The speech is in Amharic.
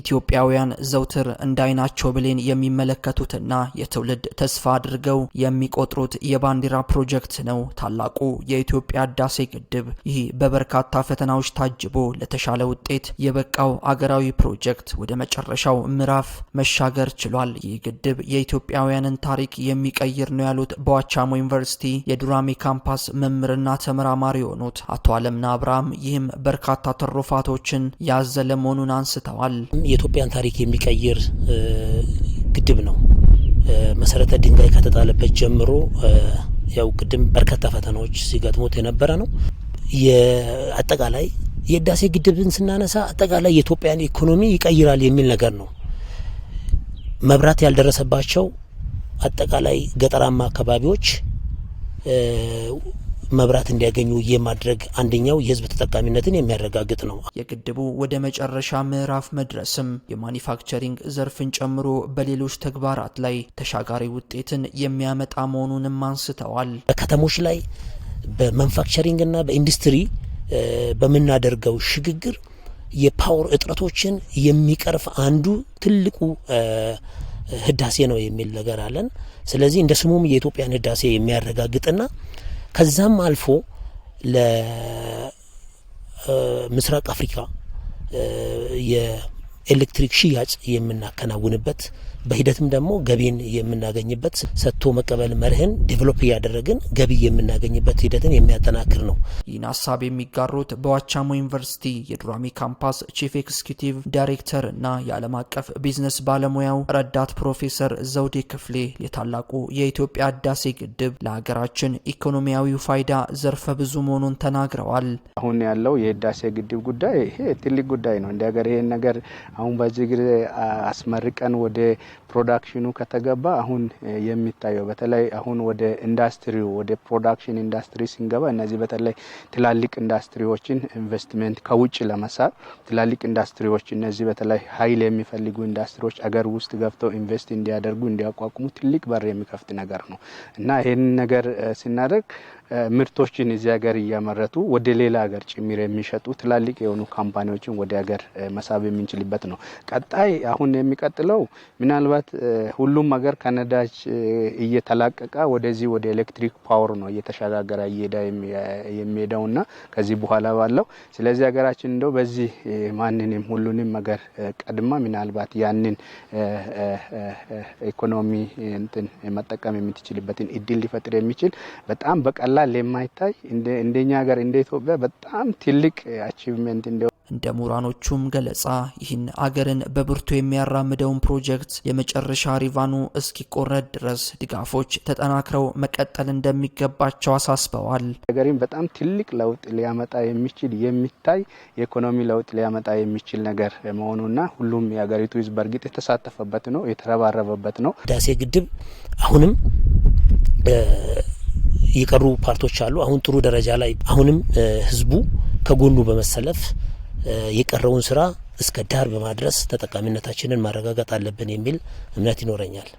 ኢትዮጵያውያን ዘውትር እንዳይናቸው ብሌን የሚመለከቱትና የትውልድ ተስፋ አድርገው የሚቆጥሩት የባንዲራ ፕሮጀክት ነው ታላቁ የኢትዮጵያ ህዳሴ ግድብ። ይህ በበርካታ ፈተናዎች ታጅቦ ለተሻለ ውጤት የበቃው አገራዊ ፕሮጀክት ወደ መጨረሻው ምዕራፍ መሻገር ችሏል። ይህ ግድብ የኢትዮጵያውያንን ታሪክ የሚቀይር ነው ያሉት በዋቻሞ ዩኒቨርሲቲ የዱራሜ ካምፓስ መምህርና ተመራማሪ የሆኑት አቶ አለምና አብርሃም፣ ይህም በርካታ ትሩፋቶችን ያዘለ መሆኑን አንስተዋል። የኢትዮጵያን ታሪክ የሚቀይር ግድብ ነው። መሰረተ ድንጋይ ከተጣለበት ጀምሮ ያው ቅድም በርካታ ፈተናዎች ሲገጥሙት የነበረ ነው። አጠቃላይ የህዳሴ ግድብን ስናነሳ አጠቃላይ የኢትዮጵያን ኢኮኖሚ ይቀይራል የሚል ነገር ነው። መብራት ያልደረሰባቸው አጠቃላይ ገጠራማ አካባቢዎች መብራት እንዲያገኙ የማድረግ አንደኛው የህዝብ ተጠቃሚነትን የሚያረጋግጥ ነው። የግድቡ ወደ መጨረሻ ምዕራፍ መድረስም የማኒፋክቸሪንግ ዘርፍን ጨምሮ በሌሎች ተግባራት ላይ ተሻጋሪ ውጤትን የሚያመጣ መሆኑንም አንስተዋል። በከተሞች ላይ በማኑፋክቸሪንግ በኢንዱስትሪ በምናደርገው ሽግግር የፓወር እጥረቶችን የሚቀርፍ አንዱ ትልቁ ህዳሴ ነው የሚል ነገር አለን። ስለዚህ እንደ ስሙም የኢትዮጵያን ህዳሴ የሚያረጋግጥና ከዛም አልፎ ለምስራቅ አፍሪካ የኤሌክትሪክ ሽያጭ የምናከናውንበት በሂደትም ደግሞ ገቢን የምናገኝበት ሰጥቶ መቀበል መርህን ዴቨሎፕ እያደረግን ገቢ የምናገኝበት ሂደትን የሚያጠናክር ነው። ይህን ሀሳብ የሚጋሩት በዋቻሞ ዩኒቨርሲቲ የዱራሜ ካምፓስ ቺፍ ኤክስኪቲቭ ዳይሬክተር እና የዓለም አቀፍ ቢዝነስ ባለሙያው ረዳት ፕሮፌሰር ዘውዴ ክፍሌ የታላቁ የኢትዮጵያ ህዳሴ ግድብ ለሀገራችን ኢኮኖሚያዊ ፋይዳ ዘርፈ ብዙ መሆኑን ተናግረዋል። አሁን ያለው የህዳሴ ግድብ ጉዳይ ይሄ ትልቅ ጉዳይ ነው። እንደ ሀገር ይሄን ነገር አሁን በዚህ አስመርቀን ወደ ፕሮዳክሽኑ ከተገባ አሁን የሚታየው በተለይ አሁን ወደ ኢንዳስትሪው ወደ ፕሮዳክሽን ኢንዳስትሪ ስንገባ እነዚህ በተለይ ትላልቅ ኢንዳስትሪዎችን ኢንቨስትመንት ከውጭ ለመሳብ ትላልቅ ኢንዱስትሪዎች እነዚህ በተለይ ኃይል የሚፈልጉ ኢንዱስትሪዎች አገር ውስጥ ገብተው ኢንቨስት እንዲያደርጉ እንዲያቋቁሙ ትልቅ በር የሚከፍት ነገር ነው እና ይህንን ነገር ስናደርግ ምርቶችን እዚህ ሀገር እያመረቱ ወደ ሌላ ሀገር ጭምር የሚሸጡ ትላልቅ የሆኑ ካምፓኒዎችን ወደ ሀገር መሳብ የምንችልበት ነው። ቀጣይ አሁን የሚቀጥለው ምና ምናልባት ሁሉም ሀገር ከነዳጅ እየተላቀቀ ወደዚህ ወደ ኤሌክትሪክ ፓወር ነው እየተሸጋገረ እየሄዳ የሚሄደው እና ከዚህ በኋላ ባለው ስለዚህ ሀገራችን እንደው በዚህ ማንንም ሁሉንም ሀገር ቀድማ ምናልባት ያንን ኢኮኖሚ እንትን መጠቀም የምትችልበትን እድል ሊፈጥር የሚችል በጣም በቀላል የማይታይ እንደኛ ሀገር እንደ ኢትዮጵያ በጣም ትልቅ አቺቭመንት እንደ እንደ ምሁራኖቹም ገለጻ ይህን አገርን በብርቱ የሚያራምደውን ፕሮጀክት የመጨረሻ ሪቫኑ እስኪቆረድ ድረስ ድጋፎች ተጠናክረው መቀጠል እንደሚገባቸው አሳስበዋል። ሀገሪም በጣም ትልቅ ለውጥ ሊያመጣ የሚችል የሚታይ የኢኮኖሚ ለውጥ ሊያመጣ የሚችል ነገር መሆኑና ሁሉም የሀገሪቱ ሕዝብ በእርግጥ የተሳተፈበት ነው የተረባረበበት ነው። ህዳሴ ግድብ አሁንም የቀሩ ፓርቶች አሉ። አሁን ጥሩ ደረጃ ላይ አሁንም ህዝቡ ከጎኑ በመሰለፍ የቀረውን ስራ እስከ ዳር በማድረስ ተጠቃሚነታችንን ማረጋገጥ አለብን የሚል እምነት ይኖረኛል።